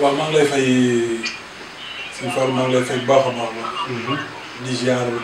waaw maa ngi lay fay suñu Fall maa ngi lay fay bu baax a baax mhm.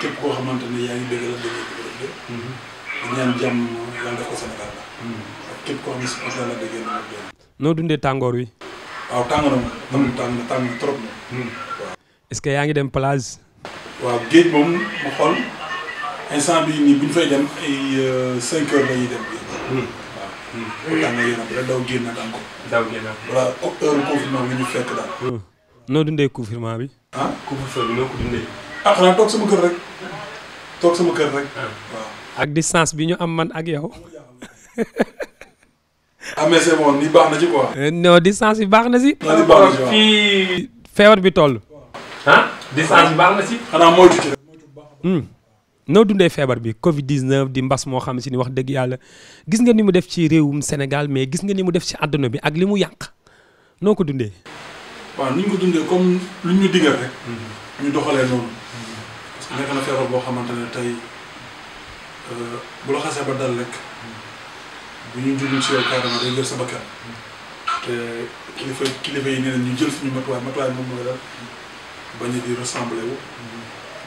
képp koo xamante ne yaa ngi dégg la dégg mhm. di ñaan jàmm yàlla def ko Sénégal la. Mhm. képp koo xam ne si côté la dégg na dundee tàngoor wi. waaw tàngoor moom. moom tàng tàng trop moom. waaw. est-ce que yaa ngi dem plage. waaw géej moom ma xool instant bii nii bu fay dem ay 5 euh, heures la ñuy dem bu tàngee yaram rek daw bi ñu fekk daal. Hmm. noo dundee confinement bi. noo ko dundee. ah xanaa toog sama kër rek ah. ak distance bi ñu am man ak yow. ah mais na ci eh, distance bi baax na si. baax bi toll. ah distance bi baax na si. xanaa moytu ci rek. Hmm. noo dundee feebar bi Covid 19 di mbas moo xam si ni wax dëgg yàlla gis nga ni mu def ci réewum Sénégal mais gis nga ni mu def ci àdduna bi ak li mu yàq noo ko dundee. waaw ni ñu ko dundee comme lu ñu digal rek. Mm-hmm. ñu doxalee noonu. Mm-hmm. parce nekk na feebar boo xamante ne tey euh, bu la xasee ba dal rek mm-hmm. bu ñu jublu ci yow carrément day jël suñu matuwaay matuwaay moom mooy di ressembler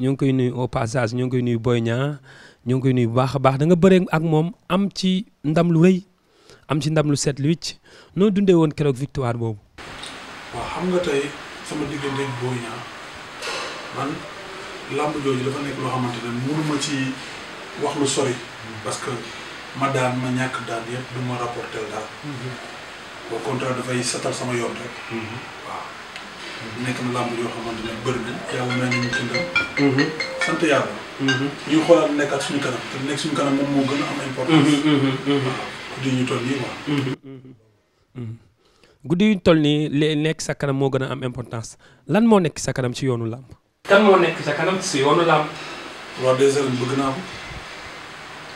ñoo ngi koy nuyu au passage ñu ngi koy nuyu booy ñaa ñoo ngi koy nuy bu baax a baax da nga bëree ak moom am ci ndam lu rëy am ci ndam lu set lu wicc noo dundee woon keroog victoire boobu. waaw xam nga tey sama diggante Boy Niang man làmb jooju dafa nekk loo xamante ne mënu ci wax lu sori. parce que ma daan ma ñàkk daan yëpp du ma daal. Mhm. au contraire dafay setal sama yoon rek. Mhm. nekk na làmb yoo xamante ne bëri mhm. mhm. moo gën a am importance. Mhm, guddi yu ñu nii quoi. nekk sa kanam moo gën a am importance lan moo nekk sa kanam ci yoonu làmb. kan moo nekk sa kanam ci yoonu làmb. roi des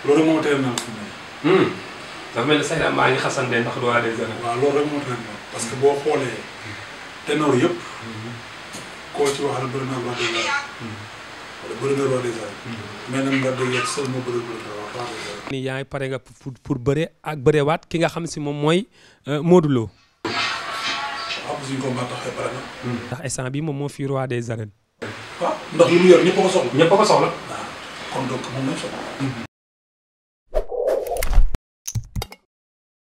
loolu moo hmm. mel ni sax maa rek moo teel naa parce que boo xoolee ténor yëpp. koo hmm. hmm. ni yaa pare nga pour pour bëre ak bërewaat ki nga xam si moom mooy euh, Modou hmm. ndax instant bi moom moo fi roi des arènes. waaw ndax mu yor ñëpp ko soxla. ñëpp ko soxla. waaw kon donc moom lañ soxla.